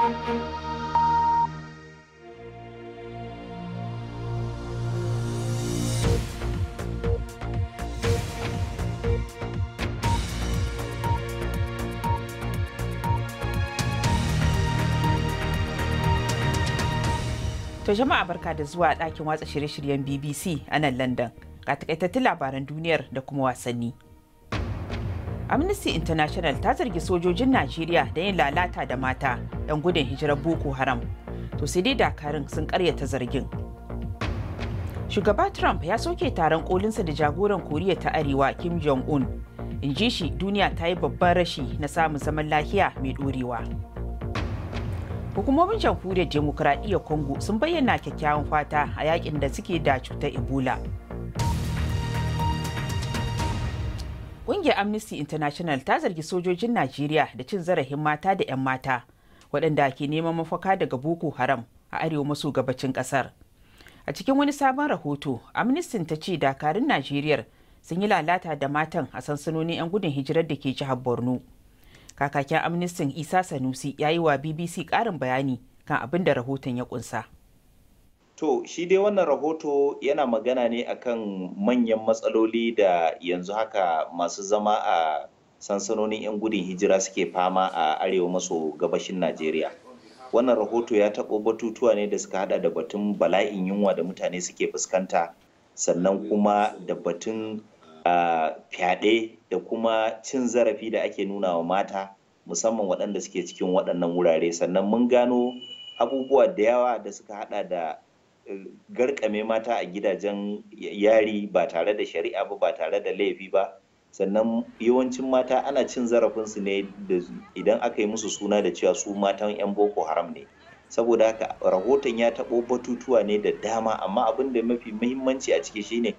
To jama'a barka da zuwa ɗakin watsa shirye-shiryen BBC a nan London ga takaitattun labaran duniyar da kuma wasanni. Amnesty International ta zargi sojojin Najeriya da yin lalata da mata 'yan gudun hijirar boko haram to sai dai dakarun sun karyata zargin shugaba trump ya soke taron kolinsa da jagoran koriya ta arewa kim jong-un in ji shi duniya ta yi babban rashi na samun zaman lafiya mai ɗorewa. hukumomin jamhuriyar demokuraɗiyyar congo sun bayyana kyakkyawan fata a yakin da suke da cutar ebola ƙungiyar amnesty international ta zargi sojojin najeriya da cin zarafin mata da 'yan mata waɗanda ke neman mafaka daga boko haram a arewa maso gabacin ƙasar a cikin wani sabon rahoto amnistin ta ce dakarun najeriya sun yi lalata da matan a sansanonin 'yan gudun hijirar da ke jihar borno kakakin amnistin isa sanusi ya yi wa bbc ƙarin bayani kan abin da rahoton ya kunsa. To, shi dai wannan rahoto yana magana ne akan manyan matsaloli da yanzu haka masu zama a sansanonin 'yan gudun hijira suke fama a arewa maso gabashin najeriya wannan rahoto ya taɓo batutuwa ne da suka hada da batun bala'in yunwa da mutane suke fuskanta sannan kuma da batun fyaɗe da kuma cin zarafi da ake nuna wa mata musamman waɗanda suke cikin waɗannan wurare sannan mun gano abubuwa da yawa da suka hada da e, garkame mata a gidajen yari ba tare da shari'a ba ba tare da laifi ba sannan yawancin mata ana cin zarafinsu ne idan aka yi musu suna da cewa su matan 'yan boko haram ne saboda haka rahoton ya taɓo batutuwa ne da dama amma abin da mafi muhimmanci a ciki shine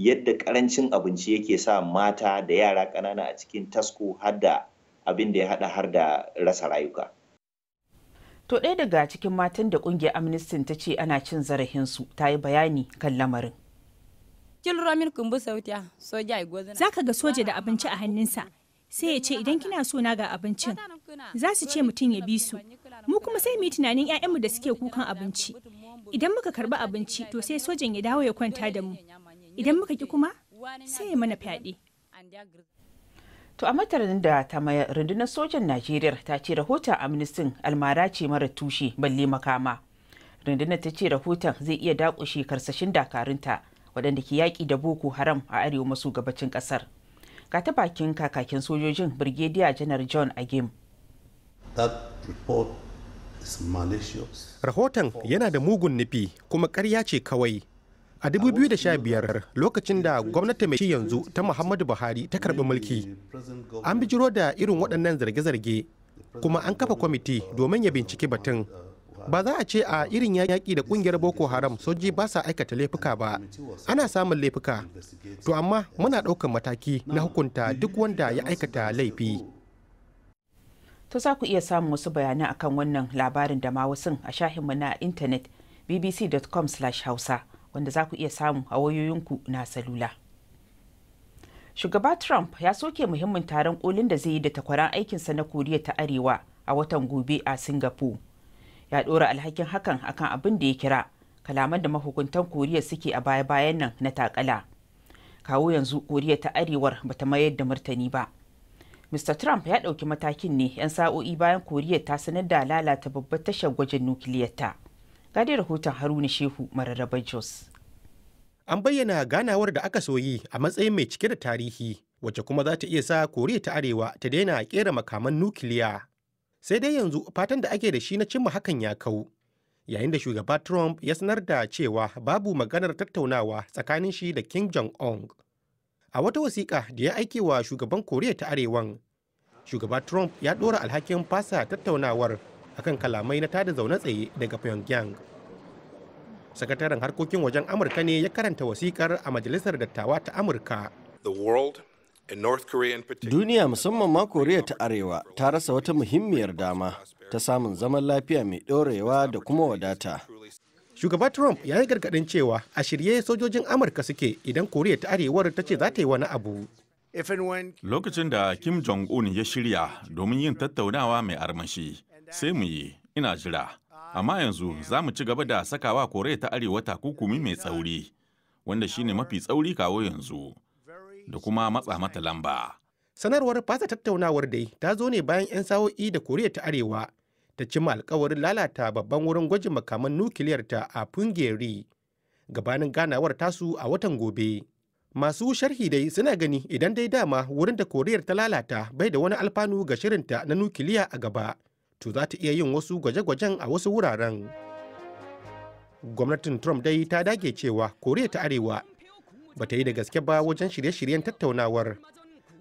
yadda karancin abinci yake sa mata da yara ƙanana a cikin tasko har da abin da ya haɗa har da rasa rayuka. To ɗaya daga cikin matan da ƙungiyar Amnesty ta ce ana cin zarafinsu ta yi bayani kan lamarin. kilro kumbu zaka ga soja da abinci a hannunsa sai ya ce idan kina so na ga abincin za su ce mutum ya bi su mu kuma sai mu yi tunanin 'ya'yanmu da suke kukan abinci idan muka karbi abinci to sai sojan ya dawo ya kwanta da mu idan muka ki kuma sai ya mana fyaɗe To a matarin da ta maya rundunar sojan Najeriya ta ce rahoton amnistin almara ce mara tushe balle makama. Rundunar ta ce rahoton zai iya dakushe karsashin dakarunta waɗanda ke yaƙi da boko haram a arewa maso gabacin ƙasar ga ta bakin kakakin sojojin birgediya janar john agim rahoton yana da mugun nufi kuma karya ce kawai a 2015 lokacin da gwamnati mai shi yanzu ta muhammadu buhari ta karbi mulki an bijiro da irin waɗannan zarge-zarge kuma an kafa kwamiti domin ya binciki batun ba za a ce a irin yaƙi da ƙungiyar boko haram soji ba sa aikata laifuka ba ana samun laifuka to amma muna ɗaukar mataki na hukunta duk wanda ya aikata laifi to za ku iya samun wasu bayanan akan wannan labarin da ma wasu a shahinmu na intanet bbc.com hausa wanda za ku iya samu a wayoyinku na salula shugaba trump ya soke muhimmin taron kolin da zai yi da takwaran aikinsa na koriya ta arewa a watan gobe a singapore ya ɗora alhakin hakan akan abin da ya kira kalaman da mahukuntan koriya suke a baya-bayan nan na takala kawo yanzu koriya ta arewar bata mayar da martani ba mr trump ya ɗauki matakin ne 'yan sa'o'i bayan koriya ta sanar da lalata babbar tashar gwajin nukiliyarta gadi rahoton haruna shehu mararraba jos an bayyana ganawar da aka soyi a matsayin mai cike da tarihi wacce kuma za ta iya sa koriya ta arewa ta daina kera makaman nukiliya sai dai yanzu fatan da ake da shi na cimma hakan ya kau yayin da shugaba trump ya sanar da cewa babu maganar tattaunawa tsakanin shi da kim jong-un a wata wasiƙa da ya aike wa shugaban koriya ta arewan shugaba trump ya ɗora alhakin fasa tattaunawar akan kalamai na tada zaune tsaye daga pyongyang sakataren harkokin wajen amurka ne ya karanta wasiƙar a majalisar dattawa ta amurka the world Duniya musamman ma Koriya ta Arewa ta rasa wata muhimmiyar dama ta samun zaman lafiya mai ɗorewa da kuma wadata. Shugaba Trump ya yi gargaɗin cewa a shirye sojojin Amurka suke idan Koriya ta Arewar ta ce za ta yi wani abu. Lokacin da Kim Jong-un ya shirya domin yin tattaunawa mai armashi, sai mu yi, ina jira. Amma yanzu za mu ci gaba da sakawa Koriya ta Arewa kukumi mai tsauri, wanda shine mafi tsauri kawo yanzu. da kuma matsa mata lamba. Sanarwar fasa tattaunawar dai ta zo ne bayan 'yan sa'o'i da Koriya ta Arewa ta cima alkawarin lalata babban wurin gwajin makaman nukiliyar ta a Pungeri gabanin ganawar tasu a watan gobe. Masu sharhi dai suna gani idan dai dama wurin da Koriyar ta lalata bai da wani alfanu ga shirinta na nukiliya a gaba, to za ta iya yin wasu gwaje-gwajen a wasu wuraren. Gwamnatin Trump dai ta dage cewa Koriya ta Arewa ba ta yi da gaske ba wajen shirye-shiryen tattaunawar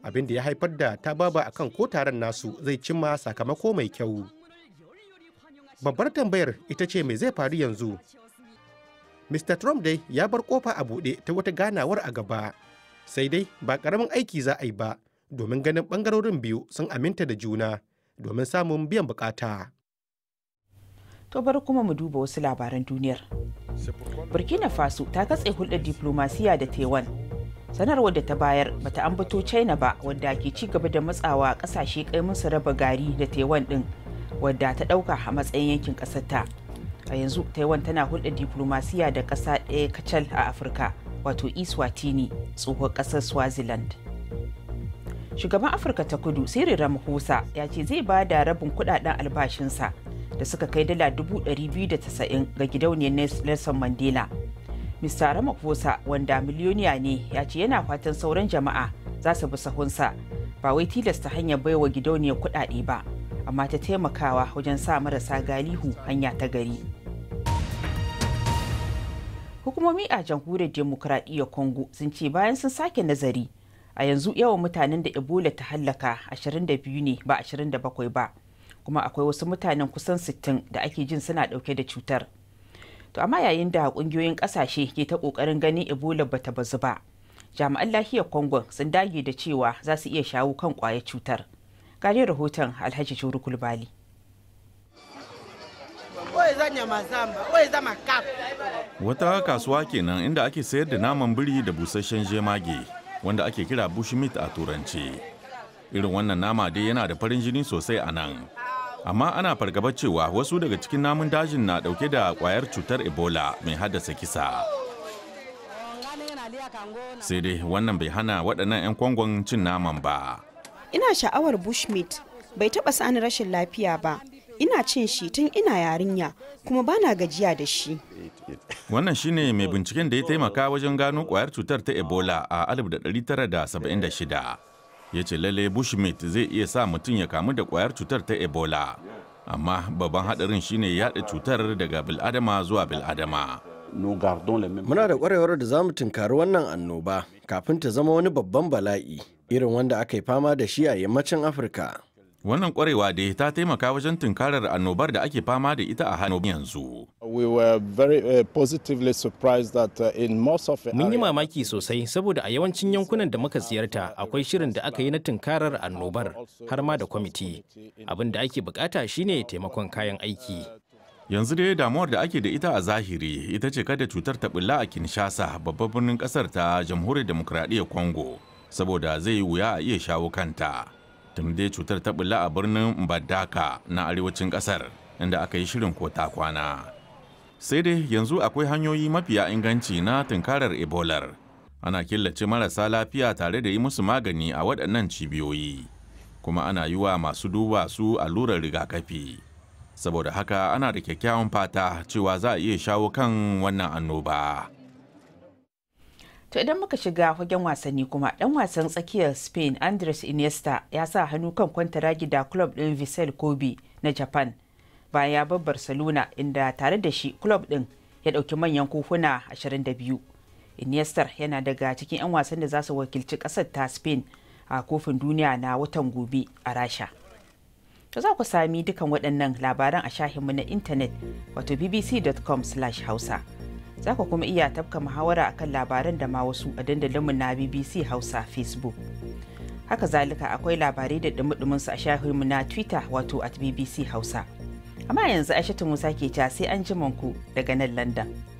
abin da ya haifar da ta baba a kan ko taron nasu zai cimma sakamako mai kyau babbar tambayar ita ce mai zai faru yanzu mr trump dai ya bar kofa a buɗe ta wata ganawar a gaba sai dai ba ƙaramin aiki za a yi ba domin ganin ɓangarorin biyu sun aminta da juna domin samun biyan bukata. To bari kuma mu duba wasu labaran duniyar. Burkina Faso ta katse hulɗar diplomasiya da Taiwan. Sanarwar da ta bayar bata ambato China ba wadda ke ci gaba da matsawa ƙasashe kai musu raba gari da Taiwan ɗin wadda ta ɗauka a matsayin yankin ƙasarta. A yanzu Taiwan tana hulɗar diplomasiya da ƙasa ɗaya kacal a Afirka wato Iswatini tsohon ƙasar Swaziland. Shugaban Afirka ta Kudu Cyril Ramaphosa ya ce zai ba da rabin kuɗaɗen albashinsa da suka kai dala 290 ga gidauniyar Nelson Mandela. Mr. Ramaphosa wanda miliyoniya ne ya ce yana fatan sauran jama'a za su bi sahunsa ba wai tilasta hanyar baiwa gidauniyar kuɗaɗe ba amma ta taimakawa wajen sa marasa galihu hanya ta gari. Hukumomi a jamhuriyar demokuraɗiyyar Congo sun ce bayan sun sake nazari a yanzu yawan mutanen da Ebola ta hallaka 22 ne ba 27 ba. kuma akwai wasu mutanen kusan 60 da ake jin suna dauke da cutar to amma yayin da kungiyoyin kasashe ke ta kokarin ganin ebola bata bazu ba jami'an lafiyar Congo sun dage da cewa za su iya shawo kan kwayar cutar gare rahoton alhaji shuru kulbali wata kasuwa kenan inda ake sayar da naman biri da busasshen jemage wanda ake kira bushmeat a turance irin wannan nama dai yana da farin jini sosai a nan amma ana fargaba cewa wasu daga cikin namun dajin na dauke da kwayar cutar ebola mai haddasa kisa sai dai wannan bai hana waɗannan 'yan kwangon cin naman ba ina sha'awar bushmeat bai taɓa sani rashin lafiya ba ina cin shi tun ina yarinya kuma bana gajiya da shi. Wannan shine mai binciken da ya taimaka wajen gano kwayar cutar ta Ebola a 1976. ya ce lalle bushmeat zai iya sa mutum ya kamu da kwayar cutar ta ebola amma babban hadarin shine yada cutar daga bil'adama zuwa bil'adama muna da kwarewar da za mu tunkari wannan annoba kafin ta zama wani babban bala'i irin wanda aka yi fama da shi a yammacin afirka Wannan kwarewa dai ta taimaka wajen tunkarar annobar da ake fama da ita a hannun yanzu. Mun yi mamaki sosai saboda a yawancin yankunan da muka ziyarta akwai shirin da aka yi na tunkarar annobar har ma da kwamiti. Abin da ake bukata shine taimakon kayan aiki. Yanzu dai damuwar da ake da ita a zahiri ita ce kada cutar ta bulla a Kinshasa babban birnin kasar ta jamhuriyar demokradiyyar Congo saboda zai yi wuya a iya shawo kanta. Tun dai cutar ta bulla a birnin Mbadaka na arewacin kasar inda aka yi shirin ko ta kwana. Sai dai yanzu akwai hanyoyi mafiya inganci na tunkarar Ebolar. Ana killace marasa lafiya tare da yi musu magani a waɗannan cibiyoyi. Kuma ana yi wa masu duba su allurar rigakafi. Saboda haka ana da kyakkyawan fata cewa za a iya shawo kan wannan annoba. To idan muka shiga fagen wasanni kuma dan wasan tsakiyar Spain Andres Iniesta ya sa hannu kan kwantaragi da club din Vissel Kobe na Japan bayan ya bar Barcelona inda tare da shi club din ya dauki manyan kofuna 22. Iniesta yana daga cikin 'yan wasan da za su wakilci kasar ta Spain a kofin duniya na watan gobe a Rasha. To za ku sami dukan waɗannan labaran a shahinmu na intanet wato bbc.com/hausa. za ku kuma iya tafka muhawara akan labaran da ma wasu a dandalinmu na BBC Hausa Facebook. Haka zalika akwai labarai da dumi su a shahinmu na Twitter wato at BBC Hausa. Amma yanzu Aishatu Musa ke ta sai an ku daga nan London.